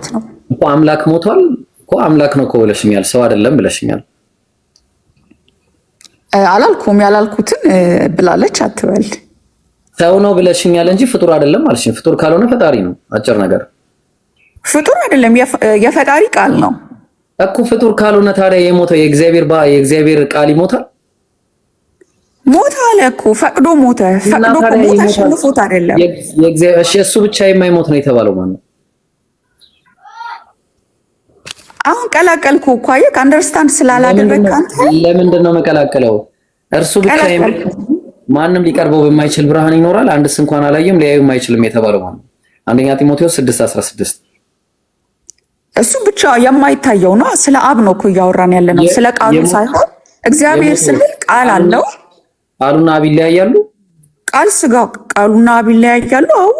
ማለት ነው እኮ አምላክ ሞቷል እኮ አምላክ ነው እኮ ብለሽኛል። ሰው አይደለም ብለሽኛል። አላልኩም። ያላልኩትን ብላለች አትበል። ሰው ነው ብለሽኛል እንጂ ፍጡር አይደለም አልሽኝ። ፍጡር ካልሆነ ፈጣሪ ነው። አጭር ነገር ፍጡር አይደለም፣ የፈጣሪ ቃል ነው እኮ። ፍጡር ካልሆነ ታዲያ የሞተው የእግዚአብሔር ባ የእግዚአብሔር ቃል ይሞታል። ሞት አለ እኮ ፈቅዶ ሞተ። ፈቅዶ ሞት አሸንፎት አይደለም። እሱ ብቻ የማይሞት ነው የተባለው ነው። አሁን ቀላቀልኩ እኮ አየህ፣ አንደርስታንድ ስላላደረግ አንተ ለምንድን ነው መቀላቀለው? እርሱ ብቻ ማንም ሊቀርበው በማይችል ብርሃን ይኖራል፣ አንድስ እንኳን አላየም ሊያዩ የማይችልም የተባለው ማለት አንደኛ ጢሞቴዎስ 6:16 እሱ ብቻ የማይታየው ነው። ስለ አብ ነው እኮ እያወራን ያለ ነው፣ ስለ ቃሉ ሳይሆን እግዚአብሔር ስንል ቃል አለው። ቃሉና አብ ይለያያሉ። ቃል ስጋ፣ ቃሉና አብ ይለያያሉ። አዎ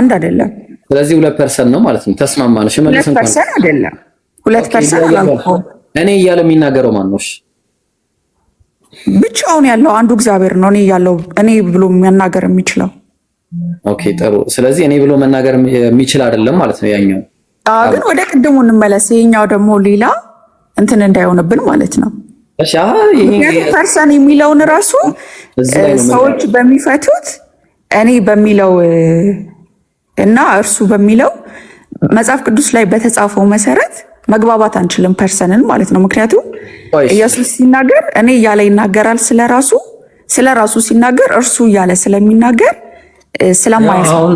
አንድ አይደለም። ስለዚህ ሁለት ፐርሰንት ነው ማለት ነው። ተስማማ ነው ሽመልስ፣ ሁለት ፐርሰንት አይደለም ሁለት ፐርሰንት እኔ እያለ የሚናገረው ማን ነው? ብቻውን ያለው አንዱ እግዚአብሔር ነው። እኔ ያለው እኔ ብሎ መናገር የሚችለው ኦኬ፣ ጥሩ። ስለዚህ እኔ ብሎ መናገር የሚችል አይደለም ማለት ነው ያኛው። ግን ወደ ቅድሙ እንመለስ። ይሄኛው ደግሞ ሌላ እንትን እንዳይሆንብን ማለት ነው። ፐርሰን የሚለውን ራሱ ሰዎች በሚፈቱት እኔ በሚለው እና እርሱ በሚለው መጽሐፍ ቅዱስ ላይ በተጻፈው መሰረት መግባባት አንችልም ፐርሰንን ማለት ነው። ምክንያቱም ኢየሱስ ሲናገር እኔ እያለ ይናገራል ስለራሱ ራሱ ስለ ራሱ ሲናገር እርሱ እያለ ስለሚናገር ስለማይሁን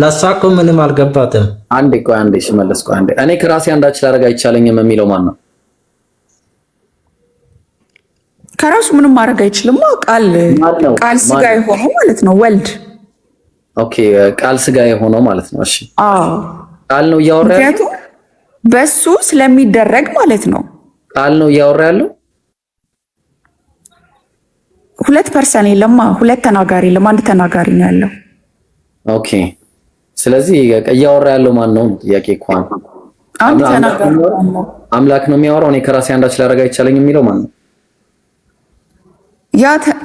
ለእሷ እኮ ምንም አልገባትም። አንዴ ቆይ አንዴ ሽመለስ ቆይ አንዴ እኔ ከራሴ አንዳች ላደርግ አይቻለኝም የሚለው ማን ነው? ከራሱ ምንም ማድረግ አይችልም። ቃል ቃል ስጋ የሆነው ማለት ነው ወልድ። ኦኬ ቃል ስጋ የሆነው ማለት ነው። እሺ ቃል ነው እያወራ በሱ ስለሚደረግ ማለት ነው። ቃል ነው እያወራ ያለው። ሁለት ፐርሰን የለማ፣ ሁለት ተናጋሪ የለም፣ አንድ ተናጋሪ ነው ያለው። ኦኬ። ስለዚህ እያወራ ያለው ማን ነው? ጥያቄ እንኳን አንድ ተናጋሪ አምላክ ነው የሚያወራው። እኔ ከራሴ አንዳች ላደርግ አይቻለኝ የሚለው ማን ነው?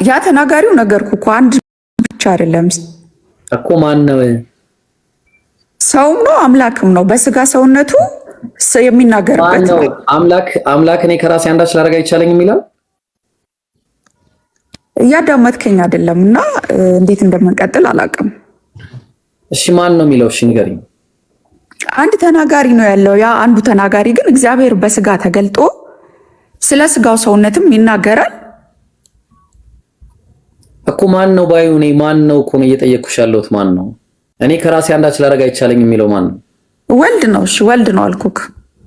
ያ ተናጋሪው ነገርኩ እኮ አንድ ብቻ አይደለም እኮ። ማን ነው? ሰውም ነው አምላክም ነው በስጋ ሰውነቱ የሚናገርበት አምላክ አምላክ እኔ ከራሴ አንዳች ላደርግ አይቻለኝ የሚላል እያዳመጥከኝ አይደለም እና እንዴት እንደምንቀጥል አላውቅም። እሺ ማን ነው የሚለው? እሺ ንገሪኝ። አንድ ተናጋሪ ነው ያለው። ያ አንዱ ተናጋሪ ግን እግዚአብሔር በስጋ ተገልጦ ስለ ስጋው ሰውነትም ይናገራል እኮ። ማን ነው ባዩ? እኔ ማን ነው እኮ ነው እየጠየቅኩሽ ያለሁት። ማን ነው እኔ ከራሴ አንዳች ላደርግ አይቻለኝ የሚለው ማን ነው? ወልድ ነው። እሺ ወልድ ነው አልኩክ።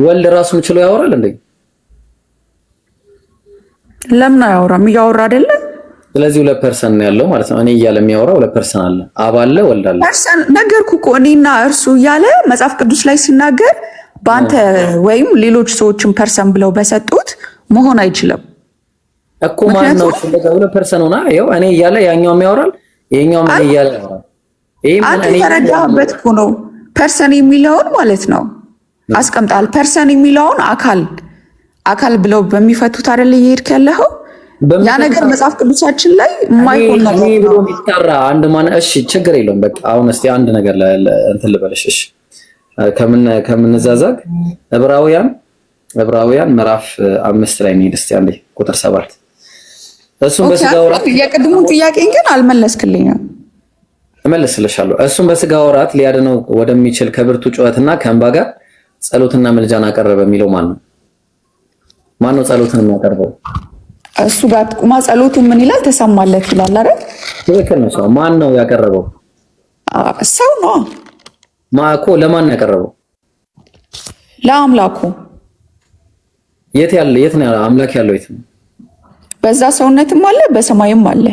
ወልድ ራሱን ችሎ ያወራል እንዴ? ለምን አያወራም? እያወራ አይደለ? ስለዚህ ሁለት ፐርሰን ነው ያለው ማለት ነው። እኔ እያለ የሚያወራ ሁለት ፐርሰን አለ፣ አብ አለ፣ ወልድ አለ። ፐርሰን ነገርኩ እኮ እኔና እርሱ እያለ መጽሐፍ ቅዱስ ላይ ሲናገር በአንተ ወይም ሌሎች ሰዎችን ፐርሰን ብለው በሰጡት መሆን አይችልም እኮ ማን ነው። ሁለት ፐርሰን ሆና ይኸው እኔ እያለ ያኛውም ያወራል፣ ይሄኛውም እኔ እያለ ያወራል። ይሄ ምን እኔ ተረዳህበት እኮ ነው ፐርሰን የሚለውን ማለት ነው አስቀምጣል። ፐርሰን የሚለውን አካል አካል ብለው በሚፈቱት አይደለ እየሄድክ ያለኸው ያ ነገር መጽሐፍ ቅዱሳችን ላይ የማይሆን አንድ ማን እሺ፣ ችግር የለውም። በቃ አሁን እስቲ አንድ ነገር እንትን ልበለሽ፣ ከምንዛዛግ ዕብራውያን ዕብራውያን ምዕራፍ አምስት ላይ እንሂድ እስቲ አንዴ ቁጥር ሰባት እሱም በስጋ ወራት የቅድሙን ጥያቄን ግን አልመለስክልኝም። እመልስልሻለሁ። እሱም በስጋ ወራት ሊያድነው ወደሚችል ከብርቱ ጩኸትና ከእንባ ጋር ጸሎትና ምልጃን አቀረበ የሚለው ማን ነው? ማን ነው ጸሎትን የሚያቀርበው? እሱ ጋር ቁማ ጸሎቱ ምን ይላል? ተሰማለት ይላል አረ ትክክል ነው። ሰው ማን ነው ያቀረበው? ሰው ነው ማኮ። ለማን ያቀረበው? ለአምላኩ። የት ያለ የት ነው አምላክ ያለው? የት ነው? በዛ ሰውነትም አለ በሰማይም አለ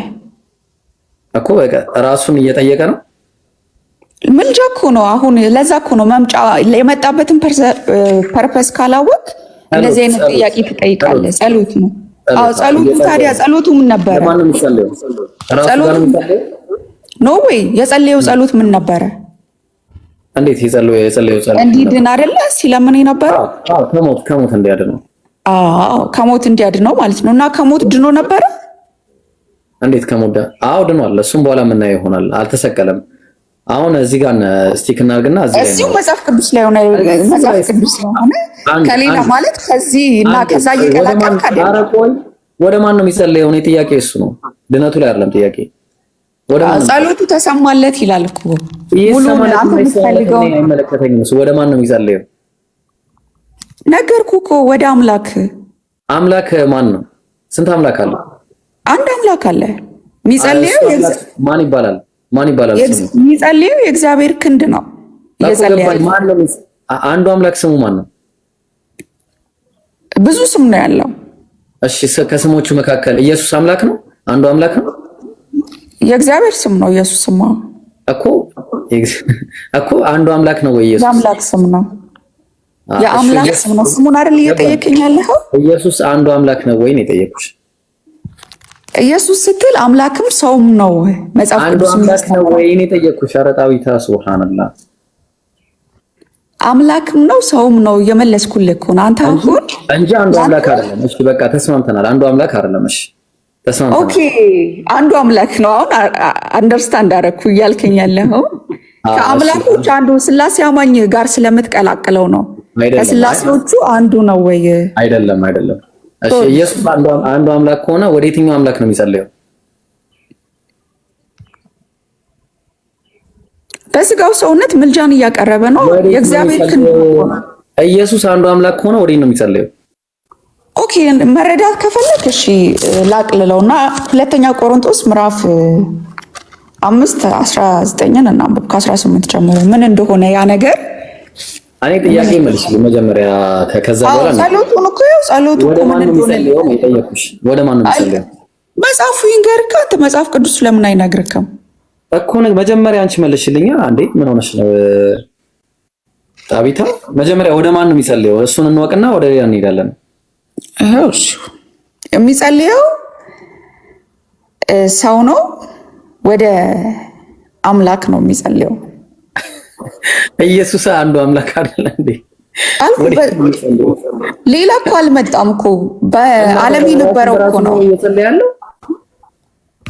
እኮ በቃ ራሱን እየጠየቀ ነው። ምልጃ እኮ ነው። አሁን ለዛ እኮ ነው መምጫ የመጣበትን ፐርፐስ ካላወቅ እንደዚህ አይነት ጥያቄ ትጠይቃለህ። ጸሎት ነው። አዎ ጸሎቱ ታዲያ ጸሎቱ ምን ነበረ? ኖ ወይ የጸለየው ጸሎት ምን ነበረ? እንዴት የጸለየው የጸለየው ጸሎት እንዲድን አይደለ ሲለምን የነበረው ከሞት ከሞት እንዲያድነው። አዎ ከሞት እንዲያድነው ማለት ነው። እና ከሞት ድኖ ነበረ እንዴት ከሞደ? አዎ ድኗል። እሱም በኋላ የምናየው ይሆናል። አልተሰቀለም። አሁን እዚህ ጋር ስቲክ እናርግና እናድርግና እዚሁ መጽሐፍ ቅዱስ ላይ ሆነ መጽሐፍ ቅዱስ ሆነ ከሌላ ማለት ከዚህ እና ከዛ እየቀላቀል ካደረቆይ ወደ ማን ነው የሚጸለየው? እኔ ጥያቄ እሱ ነው። ድነቱ ላይ አይደለም ጥያቄ። ወደ ማን ጸሎቱ ተሰማለት ይላል እኮ ሙሉ አንተ የምትፈልገው አይመለከተኝም። እሱ ወደ ማን ነው የሚጸለየው? ነገርኩ እኮ ወደ አምላክ። አምላክ ማን ነው? ስንት አምላክ አለው? አንድ አምላክ አለ። የሚጸልየው ማን ይባላል? ማን ይባላል? የሚጸልየው የእግዚአብሔር ክንድ ነው። አንዱ አምላክ ስሙ ማን ነው? ብዙ ስም ነው ያለው። እሺ፣ ከስሞቹ መካከል ኢየሱስ አምላክ ነው። አንዱ አምላክ ነው። የእግዚአብሔር ስም ነው ኢየሱስ ኢየሱስማ እኮ እኮ አንዱ አምላክ ነው ወይ? ኢየሱስ አምላክ ስም ነው። የአምላክ ስም ነው። ስሙን አይደል እየጠየቀኝ ያለው? ኢየሱስ አንዱ አምላክ ነው ወይ ነው የጠየኩሽ ኢየሱስ ስትል አምላክም ሰውም ነው። መጽሐፍ ቅዱስ አምላክ ነው ወይ? እኔ ጠየቅኩሽ። ሸረጣዊታ ሱብሃንአላህ አምላክም ነው ሰውም ነው እየመለስኩልህ እኮ ነው። አንተ አሁን እንጂ አንዱ አምላክ አይደለም። እሺ በቃ ተስማምተናል። አንዱ አምላክ አይደለም። እሺ ተስማምተናል። ኦኬ አንዱ አምላክ ነው። አሁን አንደርስታንድ አደረኩ እያልከኝ ያለኸው ከአምላኮች አንዱ ስላሴ አማኝ ጋር ስለምትቀላቅለው ነው። ከስላሴዎቹ አንዱ ነው ወይ? አይደለም አይደለም እሺ ኢየሱስ አንዱ አምላክ ከሆነ ወደ የትኛው አምላክ ነው የሚጸልየው? በስጋው ሰውነት ምልጃን እያቀረበ ነው። የእግዚአብሔር ክንድ ኢየሱስ አንዱ አምላክ ከሆነ ወደ ነው የሚጸልየው? ኦኬ መረዳት ከፈለክ እሺ ላቅልለውና ሁለተኛ ቆሮንቶስ ምዕራፍ አምስት አስራ ዘጠኝን እናንብብ ከአስራ ስምንት ጀምሮ ምን እንደሆነ ያ ነገር እኔ ጥያቄ መልስ መጀመሪያ ከዛ በኋላ ጸሎቱን እኮ ያው ጸሎቱ እኮ ማን ነው የሚጸልየው? የጠየኩሽ ወደ ማን ነው የሚጸልየው? መጽሐፉ ይንገርካ። አንተ መጽሐፍ ቅዱስ ለምን አይነግርክም እኮ ነው። መጀመሪያ አንቺ መልሽልኛ አንዴ። ምን ሆነሽ ነው ጣቢታ? መጀመሪያ ወደ ማን ነው የሚጸልየው? እሱን እንወቅና ወደ ሌላ እንሄዳለን። እሺ፣ የሚጸልየው ሰው ነው፣ ወደ አምላክ ነው የሚጸልየው ኢየሱስ አንዱ አምላክ አይደለ እንዴ? ሌላ እኮ አልመጣም እኮ በዓለም የነበረው እኮ ነው ያለው።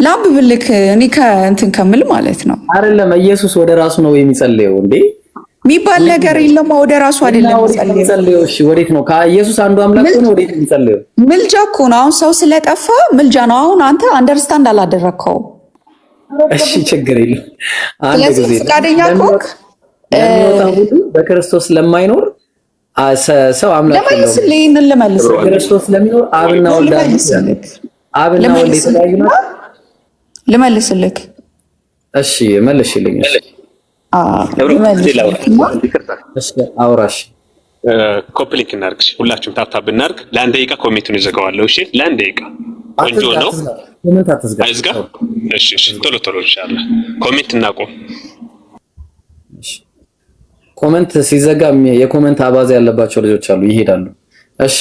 ላብ ብልክ እኔ ከእንትን ከምል ማለት ነው አይደለም። ኢየሱስ ወደ ራሱ ነው የሚጸልየው እንዴ የሚባል ነገር የለማ። ወደ ራሱ አይደለም ወዴት ነው? ከኢየሱስ አንዱ አምላክ ሆነ ወዴት የሚጸልየው? ምልጃ እኮ ነው። አሁን ሰው ስለጠፋ ምልጃ ነው። አሁን አንተ አንደርስታንድ አላደረግከውም። እሺ ችግር የለም። ስለዚህ ጊዜ ፈቃደኛ ኮክ የሚወጣ ሁሉ በክርስቶስ ለማይኖር ሰው አምላክ ይህንን ልመልስ። ክርስቶስ ለሚኖር አብና ወልድ አብና ወልድ የተለያዩ ናቸው። ልመልስልክ። እሺ መልሽልኝ። አውራሽ ኮፕሊክ እናርግ። ሁላችሁም ታብታብ ብናርግ ለአንድ ደቂቃ ኮሜንቱን ይዘጋዋለሁ። እሺ፣ ለአንድ ደቂቃ ቆንጆ ነው። አይዝጋ። እሺ፣ ቶሎ ቶሎ ይሻላል። ኮሜት እናቆም። ኮመንት ሲዘጋ የኮመንት አባዜ ያለባቸው ልጆች አሉ፣ ይሄዳሉ። እሺ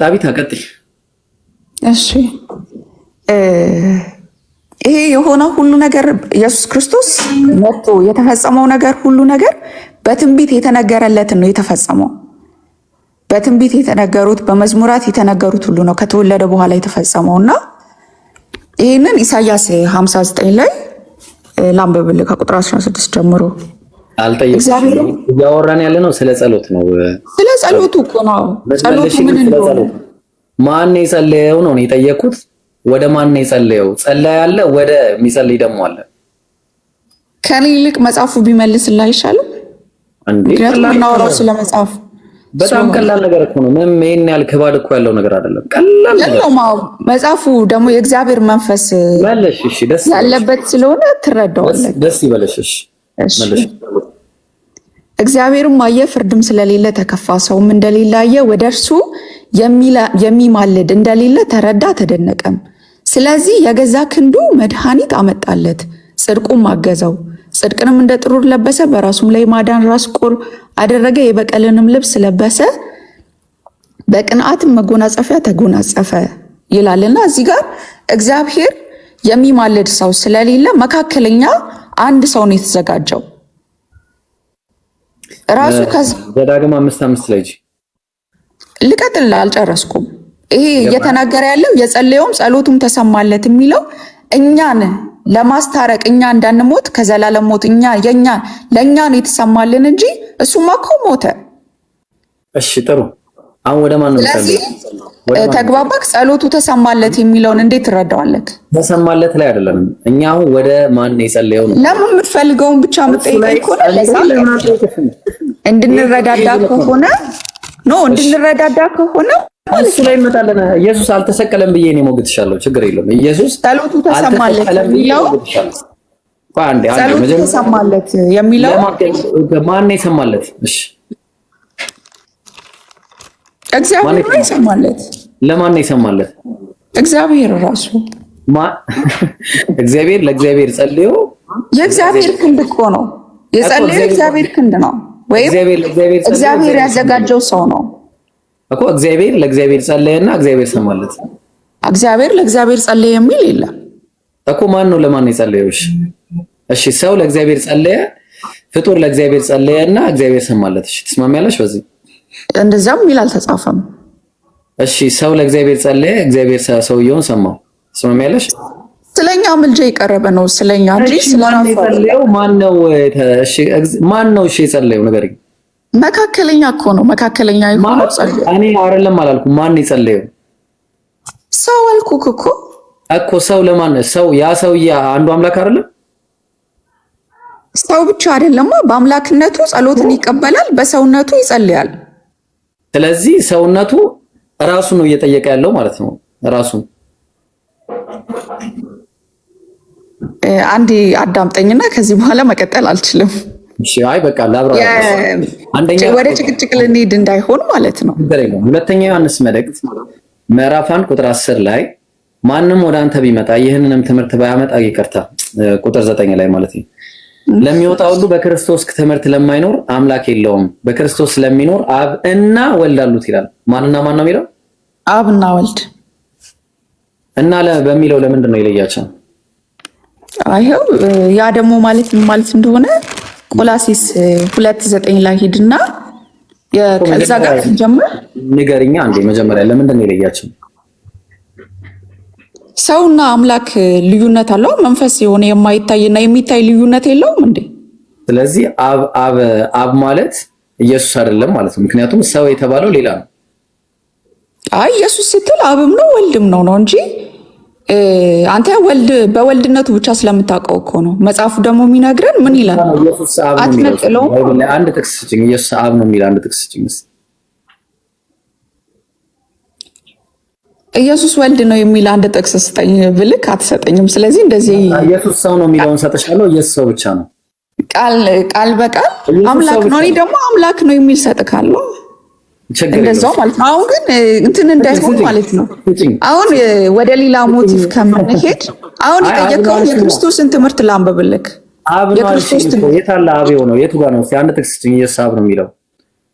ጣቢት አቀጥይ። እሺ ይሄ የሆነ ሁሉ ነገር ኢየሱስ ክርስቶስ መጥቶ የተፈጸመው ነገር ሁሉ ነገር በትንቢት የተነገረለትን ነው የተፈጸመው። በትንቢት የተነገሩት በመዝሙራት የተነገሩት ሁሉ ነው ከተወለደ በኋላ የተፈጸመው እና ይህንን ኢሳያስ 59 ላይ ላምበብል ከቁጥር 16 ጀምሮ አልጠየቅኩም። እያወራን ያለ ነው ስለ ጸሎት ነው። ስለ ጸሎቱ እኮ ነው። ጸሎቱ ምን እንደሆነ ማን ነው የጸለየው ነው ነው የጠየኩት። ወደ ማን ነው የጸለየው? ጸላ ያለ ወደ የሚጸልይ ደግሞ አለ። ከኔ ይልቅ መጽሐፉ ቢመልስልህ አይሻልም? ምክንያቱም እናወራው ስለ መጽሐፉ በጣም ቀላል ነገር እኮ ነው። ምንም ይሄን ያህል ከባድ እኮ ያለው ነገር አይደለም። ቀላል ነው። መጽሐፉ ደግሞ የእግዚአብሔር መንፈስ መለሽ። እሺ፣ ደስ ያለበት ስለሆነ ትረዳዋለህ። ደስ ይበለሽ። እሺ፣ መለሽ። እግዚአብሔርም አየ፣ ፍርድም ስለሌለ ተከፋ፣ ሰውም እንደሌለ አየ፣ ወደ እርሱ የሚማልድ እንደሌለ ተረዳ፣ ተደነቀም። ስለዚህ የገዛ ክንዱ መድኃኒት አመጣለት፣ ጽድቁም አገዘው። ጽድቅንም እንደ ጥሩር ለበሰ፣ በራሱም ላይ ማዳን ራስ ቁር አደረገ፣ የበቀልንም ልብስ ለበሰ፣ በቅንዓትም መጎናጸፊያ ተጎናጸፈ ይላልና እዚህ ጋር እግዚአብሔር የሚማልድ ሰው ስለሌለ መካከለኛ አንድ ሰው ነው የተዘጋጀው። ራሱ ዘዳግም አምስት አምስት ላይ ልቀጥል፣ አልጨረስኩም። ይሄ እየተናገረ ያለው የጸለየውም ጸሎቱም ተሰማለት የሚለው እኛን ለማስታረቅ እኛ እንዳንሞት ከዘላለም ሞት እኛ የኛ ለእኛ ነው የተሰማልን እንጂ እሱማ እኮ ሞተ። እሺ ጥሩ። አሁን ወደ ማን ነው? ስለዚህ ተግባባክ። ጸሎቱ ተሰማለት የሚለውን እንዴት ትረዳዋለት? ተሰማለት ላይ አይደለም። እኛ አሁን ወደ ማን ነው የጸለየው ነው። ለምን የምትፈልገውን ብቻ የምጠይቀኝ ከሆነ እንድንረዳዳ ከሆነ ኖ እንድንረዳዳ ከሆነ እሱ ላይ እንመጣለን። ኢየሱስ አልተሰቀለም ብዬ ነው ሞግትሻለሁ። ችግር የለም። ኢየሱስ ጸሎቱ ተሰማለት የሚለው ማን ነው የሰማለት? እሺ እግዚአብሔር ነው የሰማለት። ለማን ነው የሰማለት? እግዚአብሔር ራሱ እግዚአብሔር ለእግዚአብሔር ጸልዮ የእግዚአብሔር ክንድ እኮ ነው የጸለየው። እግዚአብሔር ክንድ ነው ወይም እግዚአብሔር ያዘጋጀው ሰው ነው እኮ እግዚአብሔር ለእግዚአብሔር ጸለየና እግዚአብሔር ሰማለት። እግዚአብሔር ለእግዚአብሔር ጸለየ የሚል የለም እኮ። ማን ነው ለማን ነው እሺ ሰው ለእግዚአብሔር ጸለየ፣ ፍጡር ለእግዚአብሔር ጸለየና እግዚአብሔር ሰማለት። እሺ ትስማሚያለሽ? በዚህ እንደዛም የሚል አልተጻፈም። እሺ ሰው ለእግዚአብሔር ጸለየ፣ እግዚአብሔር ሰውየውን ሰማው። ትስማሚያለሽ? ስለኛ ምልጃ የቀረበ ነው። ስለኛ እንጂ ስለራሱ ማን ነው? እሺ ማን ነው? እሺ የጸለየው ነገር መካከለኛ እኮ ነው። መካከለኛ እኔ አይደለም አላልኩ። ማን የጸለየው ሰው አልኩህ እኮ እኮ ሰው ለማን ሰው? ያ ሰውዬ አንዱ አምላክ አይደለም። ሰው ብቻ አይደለም። በአምላክነቱ ጸሎትን ይቀበላል፣ በሰውነቱ ይጸልያል። ስለዚህ ሰውነቱ ራሱ ነው እየጠየቀ ያለው ማለት ነው። ራሱ አንዴ አዳምጠኝና ከዚህ በኋላ መቀጠል አልችልም። አይ በቃ ላብራ አንደኛ ወደ ጭቅጭቅ ልንሄድ እንዳይሆን ማለት ነው። ሁለተኛ ዮሐንስ መልእክት ምዕራፍ አንድ ቁጥር አስር ላይ ማንም ወደ አንተ ቢመጣ ይህንንም ትምህርት ባያመጣ ይቅርታ፣ ቁጥር ዘጠኝ ላይ ማለት ነው ለሚወጣ ሁሉ በክርስቶስ ትምህርት ለማይኖር አምላክ የለውም፣ በክርስቶስ ለሚኖር አብ እና ወልድ አሉት ይላል። ማንና ማን ነው የሚለው? አብ እና ወልድ እና በሚለው ለምንድን ነው የለያቸው? አይኸው ያ ደግሞ ማለት ማለት እንደሆነ ቆላሲስ ሁለት ዘጠኝ ላይ ሂድና ከዛ ጋር ጀምር ንገርኛ። አንዴ መጀመሪያ ለምንድን ነው የለያችን? ሰውና አምላክ ልዩነት አለው። መንፈስ የሆነ የማይታይና የሚታይ ልዩነት የለውም እንዴ? ስለዚህ አብ ማለት ኢየሱስ አይደለም ማለት ነው። ምክንያቱም ሰው የተባለው ሌላ ነው። አይ ኢየሱስ ስትል አብም ነው ወልድም ነው ነው እንጂ አንተ ወልድ በወልድነቱ ብቻ ስለምታውቀው እኮ ነው። መጽሐፉ ደግሞ የሚነግረን ምን ይላል? አትነጥለው። አንድ ጥቅስ ስጭኝ። ኢየሱስ አብ ነው የሚል አንድ ጥቅስ ስጭኝ። ኢየሱስ ወልድ ነው የሚል አንድ ጥቅስ ስጠኝ ብልክ አትሰጠኝም። ስለዚህ እንደዚህ ኢየሱስ ሰው ነው የሚለውን ሰጥሻለሁ። ኢየሱስ ሰው ብቻ ነው ቃል በቃል አምላክ ነው። እኔ ደግሞ አምላክ ነው የሚል ሰጥካለሁ እንደዛው ማለት ነው። አሁን ግን እንትን እንዳይሆን ማለት ነው። አሁን ወደ ሌላ ሞቲቭ ከምንሄድ አሁን የጠየቀውን የክርስቶስን ትምህርት ላንብብልክ። የክርስቶስ የት አለ? አብው ነው የቱ ጋር ነው? አንድ ጥቅስ ስጭኝ። ኢየሱስ አብ ነው የሚለው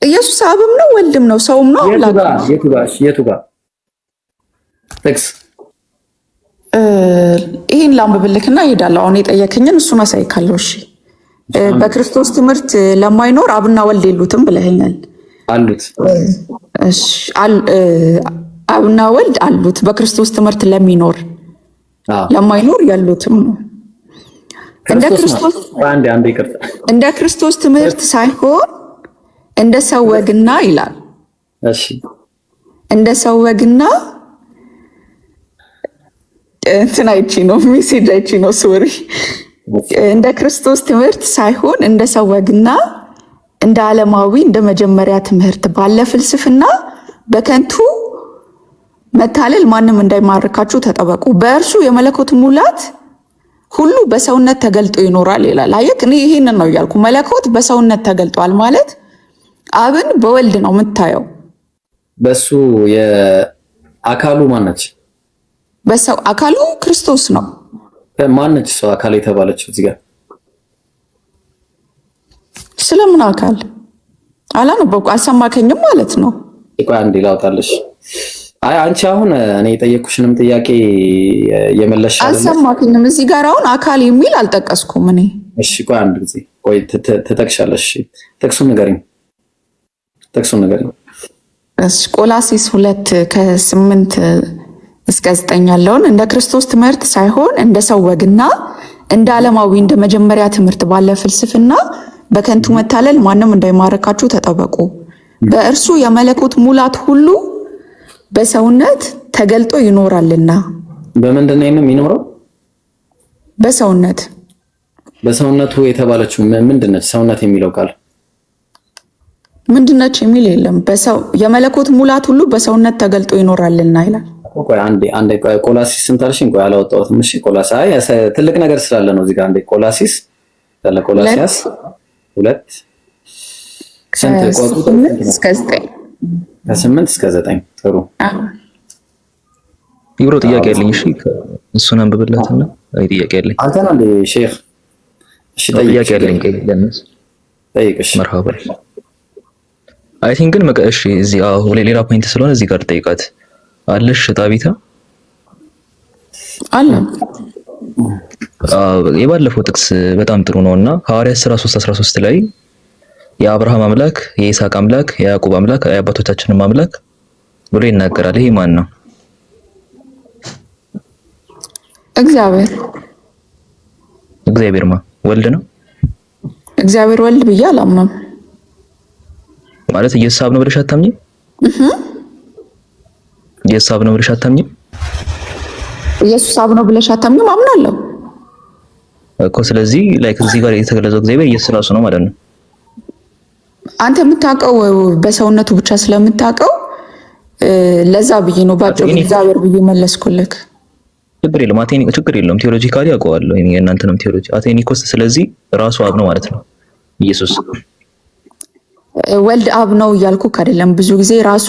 ኢየሱስ አብም ነው ወልድም ነው ሰውም ነው አምላክ የቱ ጋር የቱ ጋር ጥቅስ ይህን ላንብብልክና እሄዳለሁ። አሁን የጠየከኝን እሱን አሳይካለሁ። እሺ በክርስቶስ ትምህርት ለማይኖር አብና ወልድ የሉትም ብለኸኛል። አሉት አብና ወልድ አሉት። በክርስቶስ ትምህርት ለሚኖር ለማይኖር ያሉትም እንደ ክርስቶስ ትምህርት ሳይሆን እንደ ሰው ወግና ይላል። እንደ ሰው ወግና እንትን አይቺ ነው ሜሴጅ አይቺ ነው ሶሪ። እንደ ክርስቶስ ትምህርት ሳይሆን እንደ ሰው ወግና እንደ ዓለማዊ እንደ መጀመሪያ ትምህርት ባለ ፍልስፍና በከንቱ መታለል ማንም እንዳይማርካችሁ ተጠበቁ። በእርሱ የመለኮት ሙላት ሁሉ በሰውነት ተገልጦ ይኖራል ይላል። አየክ፣ እኔ ይህንን ነው እያልኩ መለኮት በሰውነት ተገልጧል ማለት አብን በወልድ ነው የምታየው። በሱ የአካሉ ማነች? በሰው አካሉ ክርስቶስ ነው። ማነች ሰው አካል የተባለችው እዚህ ጋር ስለምን አካል አላነበብኩ አልሰማከኝም ማለት ነው። አንዴ ላውጣለሽ። አይ አንቺ አሁን እኔ የጠየኩሽንም ጥያቄ የመለሽ አልሰማከኝም። እዚህ ጋር አሁን አካል የሚል አልጠቀስኩም እኔ። እሺ ቆይ አንድ ጊዜ ቆይ፣ ትጠቅሻለሽ። ጥቅሱን ንገሪኝ፣ ጥቅሱን ንገሪኝ። እሺ ቆላሲስ ሁለት ከስምንት እስከ ዘጠኝ ያለውን እንደ ክርስቶስ ትምህርት ሳይሆን እንደ ሰው ወግና እንደ ዓለማዊ እንደ መጀመሪያ ትምህርት ባለ ፍልስፍና በከንቱ መታለል ማንም እንዳይማረካችሁ ተጠበቁ። በእርሱ የመለኮት ሙላት ሁሉ በሰውነት ተገልጦ ይኖራልና። በምንድን ነው የሚኖረው? በሰውነት በሰውነቱ የተባለችው ምንድነች? ሰውነት የሚለው ቃል ምንድነች የሚል የለም። የመለኮት ሙላት ሁሉ በሰውነት ተገልጦ ይኖራልና ይላል። ቆላሲስ ስንት አልሽኝ? ቆይ አላወጣሁትም። እሺ፣ ቆላሲስ ትልቅ ነገር ስላለ ነው እዚህ ጋር። አንዴ ቆላሲስ ሁለት ስንት ከስምንት እስከ ዘጠኝ ጥሩ ይብሮ ጥያቄ ያለኝ እሺ እሱን አይ ጥያቄ ያለኝ አንተና ሼክ እሺ ጥያቄ ያለኝ ለነስ ጠይቅሽ መርሃባ አይ ቲንክ ግን መቀ እሺ እዚህ አሁን ሌላ ፖይንት ስለሆነ እዚህ ጋር ጠይቃት አለሽ ሽጣ አለ የባለፈው ጥቅስ በጣም ጥሩ ነው እና ሐዋርያት ሥራ 3 13 ላይ የአብርሃም አምላክ የይስሐቅ አምላክ የያዕቆብ አምላክ የአባቶቻችንም አምላክ ብሎ ይናገራል። ይሄ ማን ነው? እግዚአብሔር። እግዚአብሔር ማ ወልድ ነው። እግዚአብሔር ወልድ ብዬ አላምንም። ማለት ኢየሱስ አብ ነው ብለሽ አታምኚም? ኢየሱስ አብ ነው ብለሽ አታምኚም? ኢየሱስ አብ ነው ብለሽ አታምኝም? አምናለሁ እኮ። ስለዚህ ላይክ እዚህ ጋር የተገለጸው እግዚአብሔር ኢየሱስ ራሱ ነው ማለት ነው። አንተ የምታውቀው በሰውነቱ ብቻ ስለምታውቀው ለዛ ብዬ ነው ባጭሩ እግዚአብሔር ብዬ መለስኩልክ። ችግር የለም አቴኒ፣ ችግር የለም ቴዎሎጂካሊ አውቀዋለሁ። እኔ የእናንተንም ቴዎሎጂ አቴኒኮስ። ስለዚህ ራሱ አብ ነው ማለት ነው ኢየሱስ ወልድ አብ ነው እያልኩ አይደለም። ብዙ ጊዜ ራሱ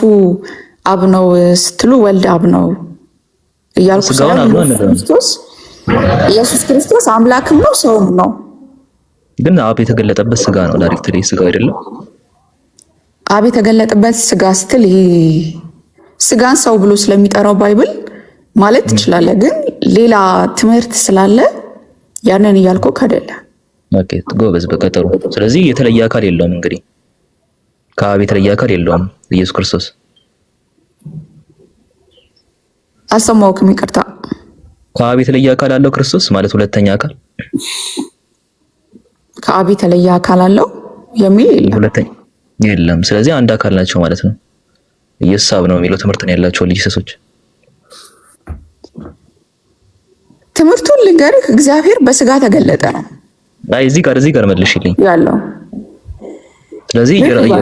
አብ ነው ስትሉ ወልድ አብ ነው እያልኩ ክርስቶስ ኢየሱስ ክርስቶስ አምላክም ነው ሰውም ነው። ግን አብ የተገለጠበት ስጋ ነው። ዳይሬክት ስጋው አይደለም። አብ የተገለጠበት ስጋ ስትል ይሄ ስጋን ሰው ብሎ ስለሚጠራው ባይብል ማለት ትችላለህ። ግን ሌላ ትምህርት ስላለ ያንን እያልኩ ከደለ ጎበዝ በቀጠሩ ስለዚህ የተለየ አካል የለውም። እንግዲህ ከአብ የተለየ አካል የለውም ኢየሱስ ክርስቶስ አልሰማሁም። ይቅርታ። ከአብ የተለየ አካል አለው ክርስቶስ ማለት ሁለተኛ አካል ከአብ የተለየ አካል አለው የሚል የለም የለም። ስለዚህ አንድ አካል ናቸው ማለት ነው። ኢየሱስ አብ ነው የሚለው ትምህርት ነው ያላቸው ልጅ ሰሶች ትምህርቱን ልንገርህ፣ እግዚአብሔር በስጋ ተገለጠ ነው። አይ እዚህ ጋር እዚህ ጋር መልሽልኝ ያለው ስለዚህ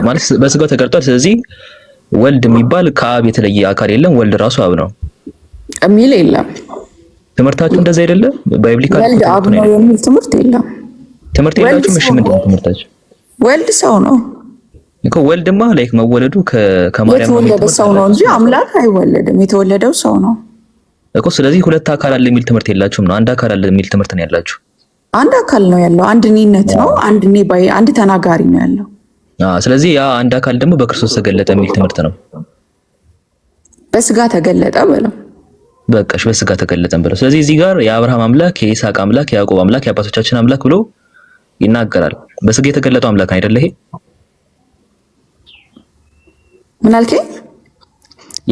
ማለት በስጋ ተገልጧል። ስለዚህ ወልድ የሚባል ከአብ የተለየ አካል የለም። ወልድ ራሱ አብ ነው። የሚል የለም። ትምህርታችሁ እንደዛ አይደለ? ባይብሊካል ወልድ አብ ነው የሚል ትምህርት የለም። ትምህርት የላችሁ። እሺ ምንድን ነው ትምህርታችሁ? ወልድ ሰው ነው እኮ ወልድማ ላይክ መወለዱ ከማርያም የተወለደ ሰው ነው እንጂ አምላክ አይወለድም። የተወለደው ሰው ነው እኮ። ስለዚህ ሁለት አካል አለ የሚል ትምህርት የላችሁም ነው። አንድ አካል አለ የሚል ትምህርት ነው ያላችሁ። አንድ አካል ነው ያለው። አንድ እኔነት ነው። አንድ እኔ ባይ አንድ ተናጋሪ ነው ያለው። ስለዚህ ያ አንድ አካል ደግሞ በክርስቶስ ተገለጠ የሚል ትምህርት ነው። በስጋ ተገለጠ በለው በቃሽ በስጋ ተገለጠን ብለው። ስለዚህ እዚህ ጋር የአብርሃም አምላክ የይስሐቅ አምላክ የያዕቆብ አምላክ የአባቶቻችን አምላክ ብሎ ይናገራል። በስጋ የተገለጠው አምላክ አይደለ? ይሄ ምን አልከኝ?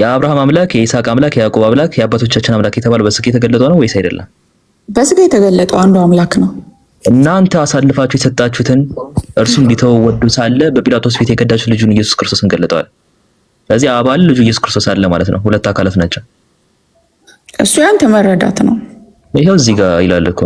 የአብርሃም አምላክ የይስሐቅ አምላክ የያዕቆብ አምላክ የአባቶቻችን አምላክ የተባለው በስጋ የተገለጠው ነው ወይስ አይደለም? በስጋ የተገለጠው አንዱ አምላክ ነው። እናንተ አሳልፋችሁ የሰጣችሁትን እርሱ እንዲተው ወዱ ሳለ በጲላጦስ ፊት የከዳችሁ ልጁን ኢየሱስ ክርስቶስን ገለጠዋል። ስለዚህ አባል ልጁ ኢየሱስ ክርስቶስ አለ ማለት ነው። ሁለት አካላት ናቸው። እሱ ያንተ መረዳት ነው። ይኸው እዚህ ጋር ይላል እኮ